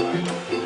Thank you.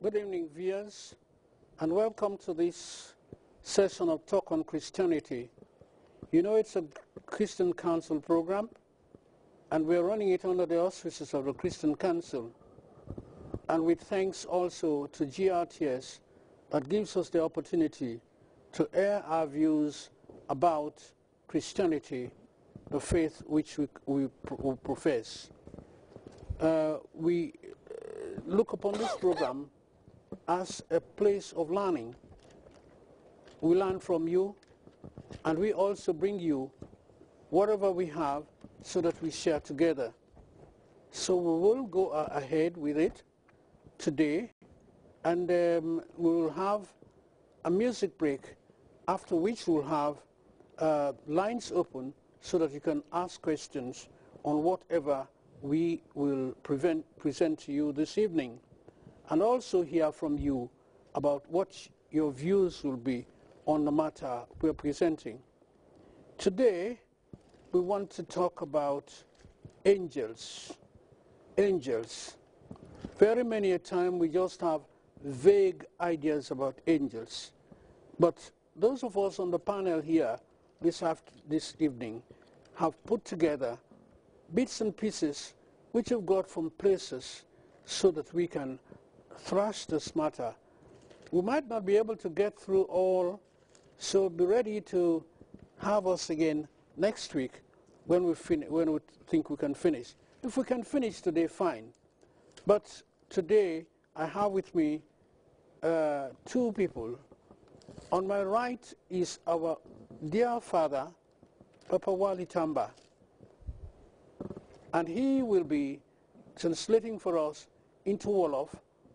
Good evening, viewers, and welcome to this session of Talk on Christianity. You know it's a Christian Council program, and we're running it under the auspices of the Christian Council. And with thanks also to GRTS that gives us the opportunity to air our views about Christianity, the faith which we, we, we profess. Uh, we uh, look upon this program as a place of learning. We learn from you, and we also bring you whatever we have so that we share together. So we will go uh, ahead with it today, and um, we will have a music break, after which we'll have uh, lines open so that you can ask questions on whatever we will present to you this evening and also hear from you about what your views will be on the matter we're presenting. Today, we want to talk about angels. Angels. Very many a time we just have vague ideas about angels. But those of us on the panel here this, this evening have put together bits and pieces which we've got from places so that we can thrash this matter. We might not be able to get through all, so be ready to have us again next week when we, when we think we can finish. If we can finish today, fine. But today, I have with me uh, two people. On my right is our dear father, Papa Wali Tamba. And he will be translating for us into Wolof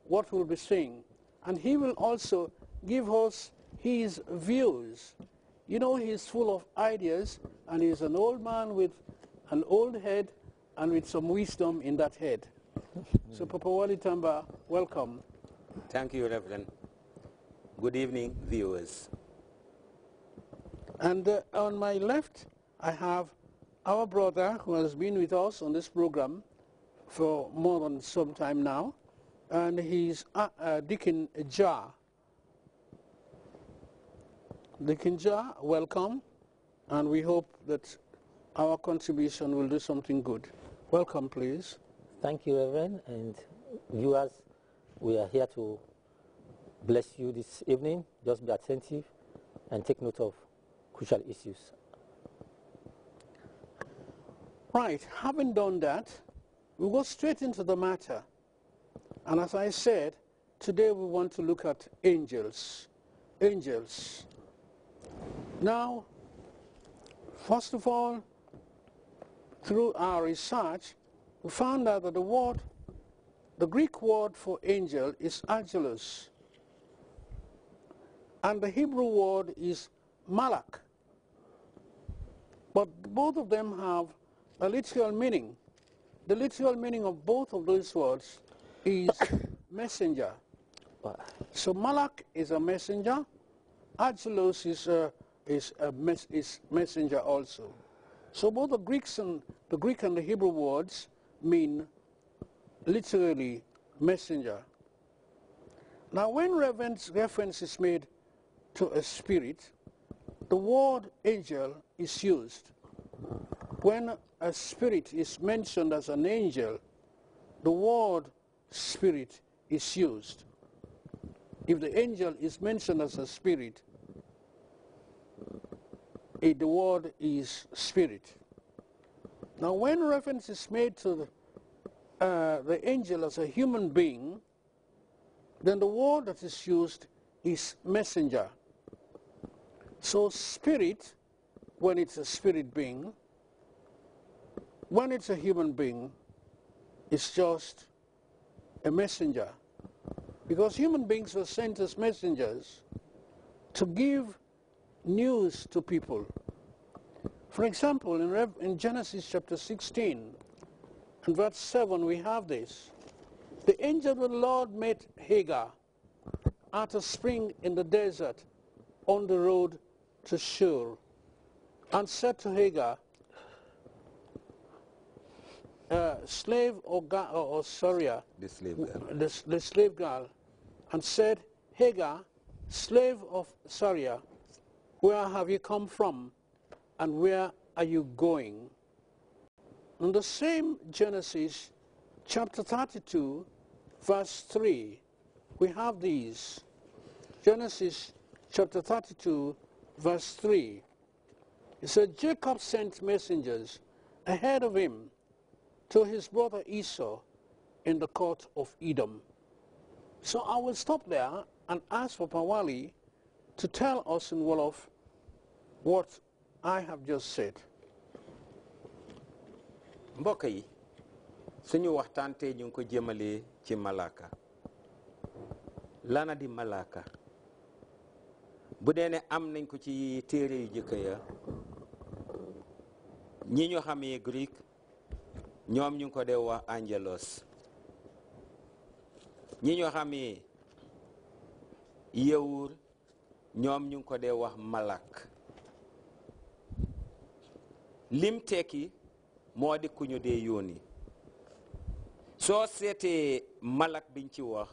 what we'll be seeing. And he will also give us his views. You know, he's full of ideas, and he's an old man with an old head and with some wisdom in that head. so hmm. Papa Wali Tamba, welcome. Thank you, Reverend. Good evening, viewers. And uh, on my left, I have our brother who has been with us on this program for more than some time now, and he's uh, uh, Jar. Jar, welcome, and we hope that our contribution will do something good. Welcome, please. Thank you, Evan, and viewers, we are here to bless you this evening. Just be attentive and take note of crucial issues. Right, having done that, we we'll go straight into the matter. And as I said, today we want to look at angels. Angels. Now, first of all, through our research, we found out that the word, the Greek word for angel is angelos. And the Hebrew word is malak. But both of them have a literal meaning. The literal meaning of both of those words is messenger. So Malak is a messenger. Archelaus is a, is a mes is messenger also. So both the Greeks and the Greek and the Hebrew words mean literally messenger. Now when reference, reference is made to a spirit, the word angel is used. When a spirit is mentioned as an angel, the word spirit is used. If the angel is mentioned as a spirit, it, the word is spirit. Now when reference is made to the, uh, the angel as a human being, then the word that is used is messenger. So spirit, when it's a spirit being, when it's a human being, it's just a messenger. Because human beings were sent as messengers to give news to people. For example, in, Rev in Genesis chapter 16 and verse 7, we have this. The angel of the Lord met Hagar at a spring in the desert on the road to Shur and said to Hagar, uh, slave or, or uh, the slave, girl. The, the slave girl, and said, Hagar, slave of Soria, where have you come from and where are you going? In the same Genesis chapter 32, verse 3, we have these. Genesis chapter 32, verse 3. It said, Jacob sent messengers ahead of him to his brother Esau in the court of Edom. So I will stop there and ask for Pawali to tell us in Wolof what I have just said. mbokk yi suñu waxtaan tey ñu ko jëmalee ci malaaka lana di malaka. bu dee ne am nañ ko ci téere yu jëkk ñi ñu xamee Greek ñoom ñu ko de wa angelos ñi ñu xam yi yewur ñoom ñu ko de wax malak lim teki moo di ku ñu dee yóoni soo seetee malak biñ ci wax